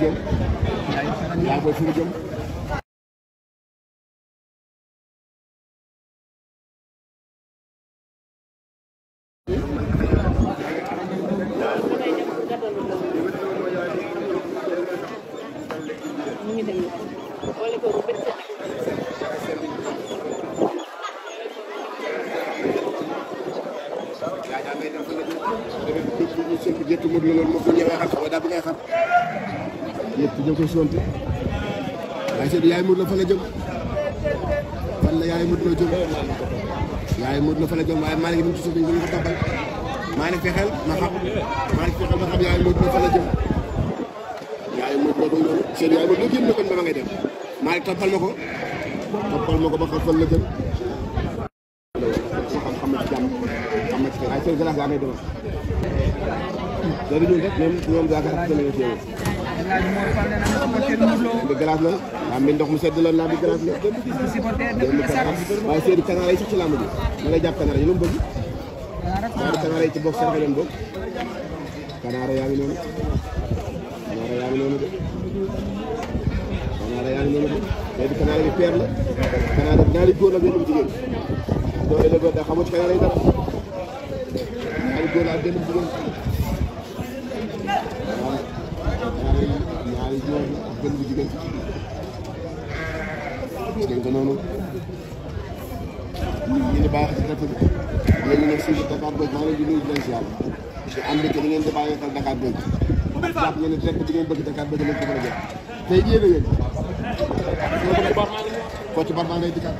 jëm yaa ngi koy fi mu jëm jëtt mu dul loolu moom bu ñëwee xam xaw daal bi xam ñëpp ñoo koy sonte waaye waaye maa ngi dem ci suuf dañ ko ko toppal maa ngi fexeel loolu génn ba ma ngay dem maa ngi toppal ma ko toppal ma ko ba xam fan loolu ñun rek ñoom ñoom yaakaar ak keneen teewul. di glace la am bi ndox mu sedd la naa bi glace la. waaye Seydou kanaara yi ci làmb ji ma lay jàpp kanaara yi lu mu bëgg. ñaari ci bopp saraxe leen bopp. kanaara yaa ngi noonu. kanaara yaa ngi noonu de. kanaara yaa ngi noonu de léegi kanaara bi peer la. góor la benn jigéen. ñoo éleveur xamut kanaara yi dara. góor laa génn bu doon ñaari góor benn bu jigéen dégg nga noonu ñu ne bàyyi xel si rajo bi ñu ne suñu Dakar Buzz maa ngi leen di nuyu di leen ziar te ànd ak ngeen di bàyyi xel Dakar Buzz jàpp ngeen ne direct bi ngeen bëgg Dakar Buzz lañ ko mën a jot tey yéen a yéen ko ci barma ngay dikkaat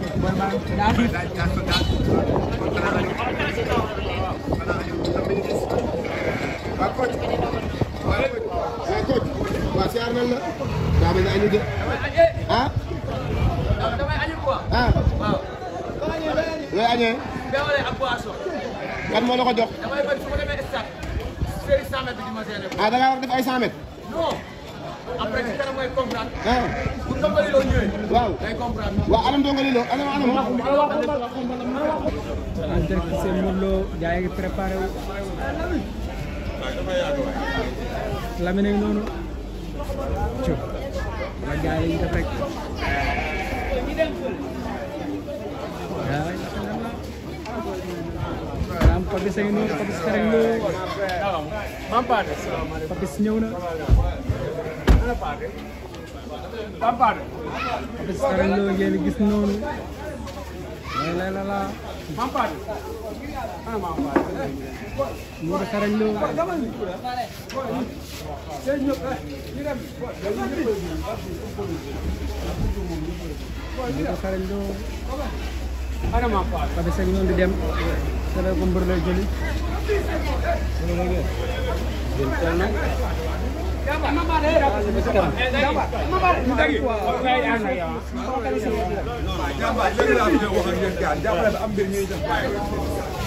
añee. ndawale ak boisson. kan moo la ko jox. damay bañ su ma demee stade. série 100 mètres di ma gérer. ah da ngaa war def ay 100 mètres. non après ci kanam ngay comprendre. bu ndongole loo ñëwee. waaw day comprendre. waaw anam ndongole loo anam anam. en direct c'est Modou Lo gars yi préparé wu. Lamine ngi noonu. Cuk. Gars yi def rek. Papis sa nun, papis ka rin nun. Mampares. Papis niyo na. Ano pare? Mampares. Papis ka rin nun, yaligis nun. La la la. Ano mampares? Mura ka rin nun. Mura ka rin nun. Ano mampares? Papis Mura ka rin sene ko mbër lay jëli jàmbaar dëgg laa am mbir ñuy def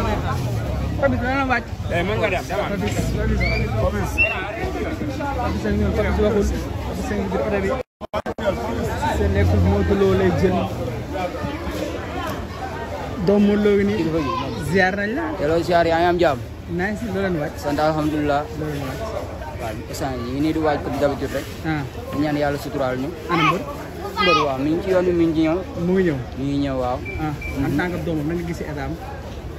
Papis dana wàcc. tey mën nga dem dama. Papis Papis. Papis lay jël. doomu Modou wi nii. ziar nañ la. yàlla ziar si loo leen wàcc. sant alhamdulilah. loo leen nii di wàcc comme d'habitude rek. ñu ñaan yàlla suturaal ñu. ana mbër. mbër waaw mi ci yoon mi ngi ci ñëw. mu ñëw. mi ngi ñëw waaw. en tant que doomam nan nga gisee état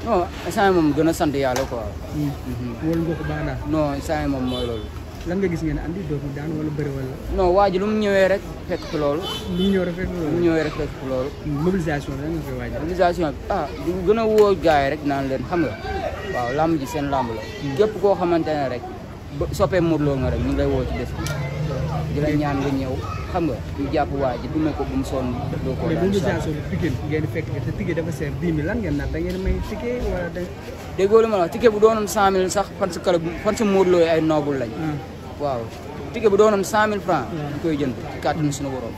non oh, instant yii moom gën a sant yàlla quoi. Hmm. Mhm. wóolu nga ko baax naa. non instant yii moom mooy loolu. lan nga gis ngeen andi doomu daan wala bëri wala. non waa ji lu mu ñëwee rek fekk loolu. lu mu ñëw rek fekk loolu. lu mu ñëwee rek fekk loolu. Hmm, mobilisation lan nga koy waajal. mobilisation ah du gën a woo gars yi rek naan leen xam nga waaw làmb ji seen làmb la. Hmm. képp koo xamante ne rek ba soppee Modou Lo nga rek ñu ngi lay woo ci des bi. di ñaan nga ñëw xam nga ñu jàpp waa ji duma ko bu mu sonn doo ko daal mobilisation bi ticket ngeen fekk te ticket dafa seer dix mille bu doonoon cent mille sax fan sa kala fan sa Modou Lo ay noble lañ hmm. waaw ticket bu doonoon cent mille francs hmm. ñu koy jënd ci kàttanu suñu borom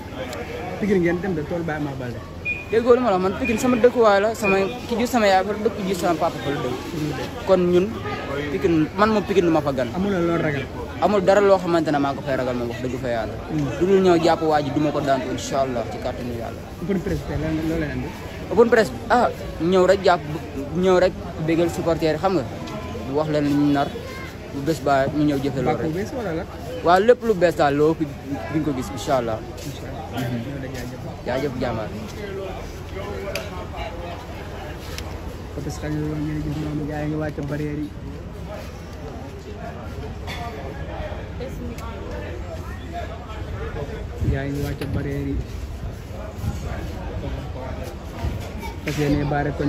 Pikine ngeen dem de tool Baye Ama Baldé la man Pikine sama dëkkuwaay la sama ki jur sama yaay fa dëkk jur sama papa fa la dëkk hmm. kon ñun Pikine man moom Pikine du ma fa gan amul dara loo xamante ne maa ngi ko fay ragal moom wax dëgg fa yàlla. du ñëw jàpp waa ji du ma ko daan incha allah ci kàttanu yàlla. open press tey lan press ah ñëw rek jàpp bu ñëw rek bégal supporter xam nga wax leen li ñu nar bu bés ba ñu ñëw jëfe loolu rek waaw lépp lu bees daal loo fi di nga ko gis incha allah. incha allah jaajëf jàmbaar. parce que xam nga gars E aí, o barrière yi fas yéene baare koñ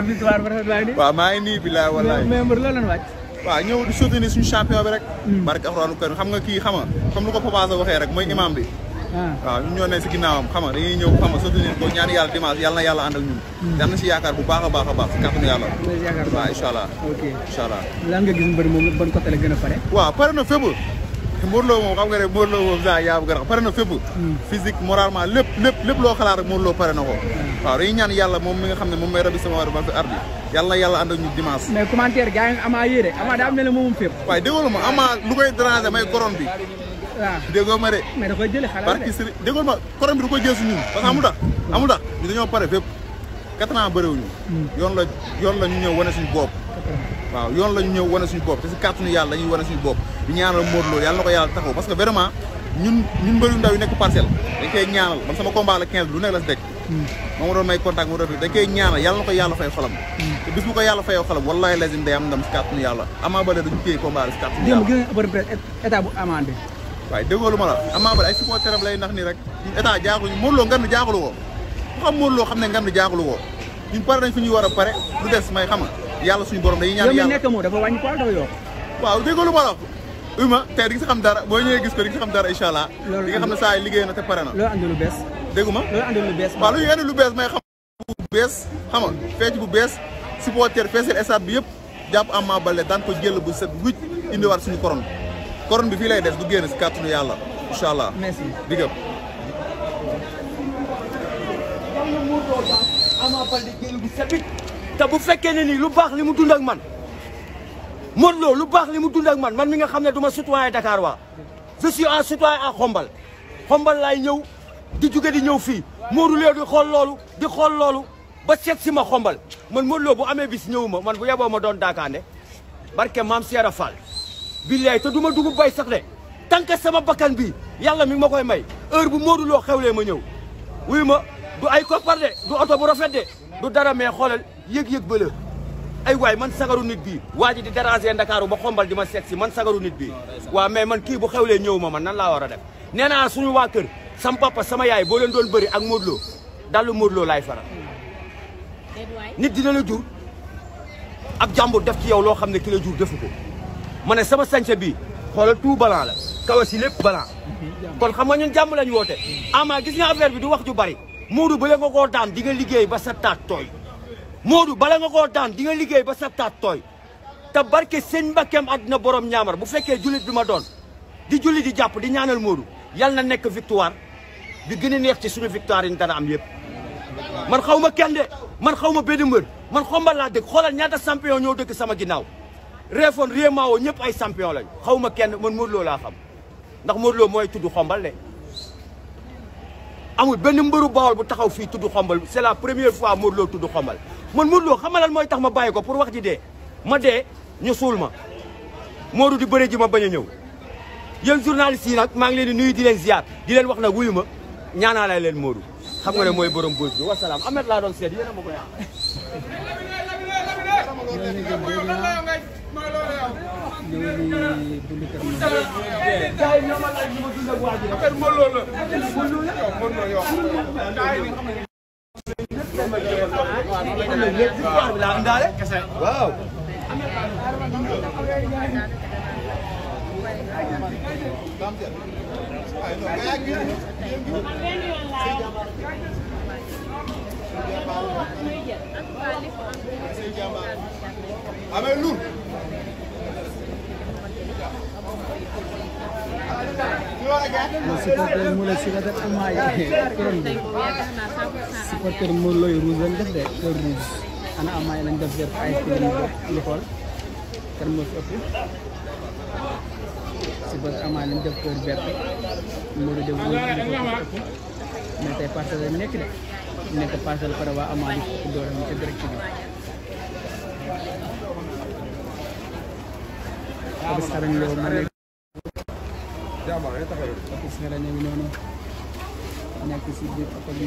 a victoire bu rafet waaye nii. waaw maa ngi nii bilaay waaw ñëw di soutenir suñu champion bi rek. Hmm. barke alxuraan karim xam nga kii xam nga comme ko Papa Sow rek mooy imam bi. Ah. waaw ñun ñoo si ginnaawam xam nga dañuy ñëw xam nga soutenir ko ñaan yàlla dimanche yàlla na yàlla àndal ñun. te hmm. si yaakaar bu baax a baax a baax si kàttanu yàlla. waaw incha allah. ok incha allah. lan nga gis mbër moom ban côté la gën a pare. waaw pare na fépp Modou Lo moom xam nga rek Modou Lo moom pare na fépp hmm. physique moralement lépp lépp lépp loo xalaat rek Modou Lo pare na ko hmm. waaw dañuy ñaan yàlla moom mi nga xam ne moom may rabi sama war ba fi arbi yàlla na yàlla ànd ak ñu dimanche mais commentaire gars yi ama yére ama daa mel ne moomum fépp waaye déggoo ma ama lu koy déranger may koron bi waaw déggoo ma de mais da koy jëlee xalaat parce que déggoo ma koron bi du ko jël si ñun parce que amul tax hmm. amul tax ñu dañoo pare fépp quatre ans bëriwuñu yoon la yoon la ñu ñëw wane suñu bopp waaw yoon la ñu ñëw wane suñu bopp te si kàttanu yàlla dañuy wane suñu bopp di ñun ñun mbëru ndaw nekk parcelle dañ koy ñaanal man sama combat la 15 lu nekk la si daj moom ma doon may contact mo doon dañ koy ñaanal yàlla na ko yàlla fay xolam hmm. te bis bu ko yàlla fayoo xolam wallahi lazim day am ndam si kàttanu yàlla Ama Baldé dañu téye combat la si kàttanu yàlla état bu Ama bi waaye déggoo am lay ndax nii rek état jaaxluñu Modou Lo ngan jaaxlu woo ku xam Modou Lo xam ne ngan jaaxlu woo ñun pare nañ fi ñuy war a suñu borom dañuy ñaan yàlla dafa wàññi Ouma tey di nga xam dara boo ñëwee gis ko di nga xam dara incha allah. di nga xam ne saa liggéey na te pare na. loolu andi lu bees. déggu ma loolu andi lu bees. waaw lu yenn lu bees may xam bu bees xam nga fecc bu bees supporter feesal stade bi yëpp jàpp Ama Baldé daan ko jël bu set wicc indiwaat suñu koron koron bi fii lay des du génn si kàttanu yàlla incha allah. merci big up. te bu fekkee ne ni lu baax li mu dund man. Modou Lo lu baax li mu dund ak man man mi nga xam ne du citoyen Dakar wa je suis un citoyen à Xombal Xombal di jóge di ñëw Modou Lo di xool di xool loolu ba si ma man Modou Lo bu ame bis ñëwuma man bu yabo ma doon daakaande barke maam Seera Fall billaay te du ma bay sax de sama bakan bi Yang mi mau kau may heure bu Modou Lo xewlee ma ñëw wuy du ay koppar de du oto bu rafet de du dara mais xoolal yëg ay waay man sagaru nit bii waa ji di déranger Ndakaaru ba xombal di ma seet si man sagaru nit bi waa mais man kii bu xewlee ñëw ma man nan laa war a def nee naa suñu waa kër sam papa sama yaay boo leen doon bëri ak Modou Lo dallu Modou Lo laay faral nit dina la jur ab jàmbur def ci yow loo xam ne ki la jur defu ma ne sama sañse bi xoolal tout balan la kawa si lépp balan kon xam nga ñun jàmm ñu woote ama gis nga affaire bi du wax ju bari Modou ba le koo daan di nga liggéey ba sa taat tooy Modou bala nga ko daan di nga liggey ba sabtaat tooy ta barke seen mbakem adna borom ñaamar bu fekke julit bima di julit di japp di ñaanal Modou yalna na nekk victoire di gën neex ci suñu victoire yi dana am yépp man xawma ma kenn de man xawma ma mbeur man xomba la dekk xolal ñaata champion ñoo dekk sama ginnaaw Réfone Rémao ñepp ay champion lañ xawma kenn man Modou la xam ndax Modou Lo mooy xombal de. amul benn mbëru Bawol bu taxaw fi tuddu xombal c'est la première fois Modou Lo xombal. man Modou Lo xamalal mooy tax ma bàyyi ko pour wax ji dee ma dee ñu suul ma Modou di bëre ji ma bañ a ñëw yéen journalistes yi nag maa ngi leen di nuyu di leen ziar wax nag wuyu ma ñaanalay leen Modou xam nga ne mooy borom bës bi wasalaam Ahmed laa doon seet yéen a ma ko yàq. Wow. Amen. supporter Modou Lo yu rouge def de kër rouge ana amaay lañ def vert ay kër yu bokk ñu xool kan amaay lañ def kër vert Modou def rouge lañ def nekk de nekk parcelle waa amaay ñu ëpp doole mu ca direct bi abis xarañ loo ma nekk abis xarañ ngi noonu nekk si biir oto bi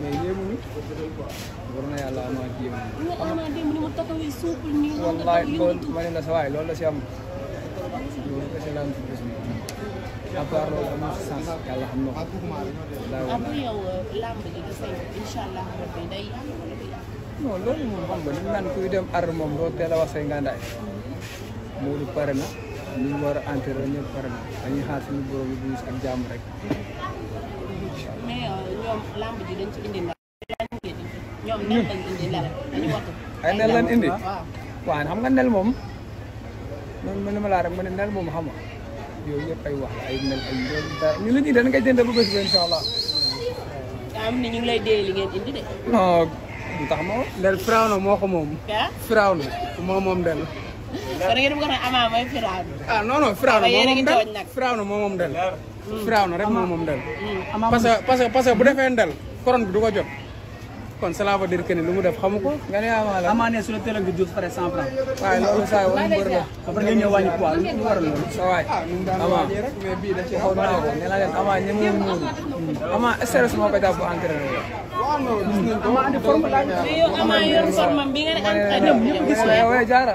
mais yéemu ni na yàlla ama jéem ne la waay loolu la si am loolu kese la am si bés bi à part loolu amul si sens na ko euh, loolu moom xam nga li naan kuy dem ar moom doo teel wax say ngàndaay Modou pare na ñu war a enteré ñëpp pare na dañuy xaar suñu borom yi bu ak jàmm rek ñoom lamb ji nel lañ indi ndam dañu nel lañ indi waaw waaw xam nga nel moom noonu mën ma laa rek ma ne nel moom allah am ni ñu ngi lay dee li ngeen indi de non du tax ma ndel firaw na moo ko moom firaw na moo moom ama may ah non non firaw na moo moom firaaw na rek moom moom ndel parce que parce que parce que bu defee ndel couronne bi du ko jot kon cela veut dire que ni lu mu def xamu ko nga ne amaana amaana su la tëral bi 12 pare 100 francs waaye loolu saa yi wala mbër la après nga ñëw wàññi poids lu mu war a loolu sa waay avant mais bii da ci xaw naa ko nee naa leen avant ñi mu muuru avant stress moo ko jàpp bu entraîné la ama andi forme la mais yow ama yor forme bi nga ne entraîné ñëpp gis la yow jaara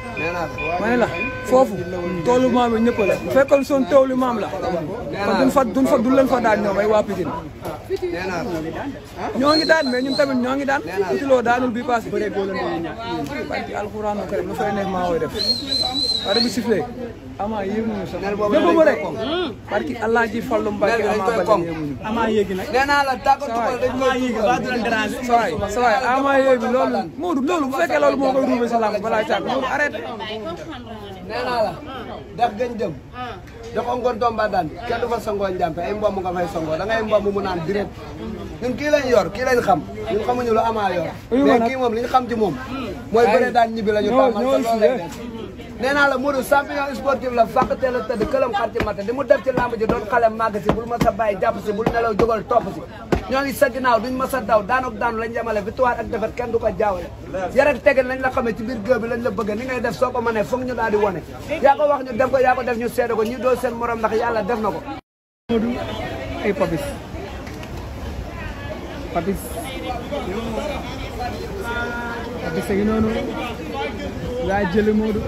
ma ne la foofu toolu maam yi ñëpp la bu fekkoon son toolu maam la kon duñ fa duñ fa duñ leen fa daan ñoom ay waa Pikine ñoo ngi daan mais ñun tamit ñoo ngi daan Petit Lo daanul bi passé bëree góor la ñuy ñàkk barki alxuraanu karim lu fay nekk maa koy def pare bi sifflé ama yéemuñu sax déglu ma rek barki dafa ngoon tomba daan bi fa sangoo njàmpe ay mbomb nga fay sangoo da ngay mbomb mu naan direct ñun kii lañ yor kii lañ xam ñun xamuñu lu amaa yor mais kii moom li ñu xam ci moom mooy bëre daan ñibbi la ñu tàmmal te loolu lay def naa la Modou champion sportif la fàqatee la tëdd ci matin li mu def ci lamb ji doon xale màgg bul ma sa bàyyi jàpp si bul nelaw jógal topp ñoni ngi sa ginnaaw duñ mas a daw daanoog daanu lañ yemale victoire ak defet kenn du ko jaawale yar téggal lañ la xamé ci bir géew bi lañ la bëgg ni ngay def soko mané mënee ñu daal di wone yaa ko wax ñu dem ko ya ko def ñu seede ko ñi do seen morom ndax yalla def nako ay Papis Papis Papis ay nono la jël Modou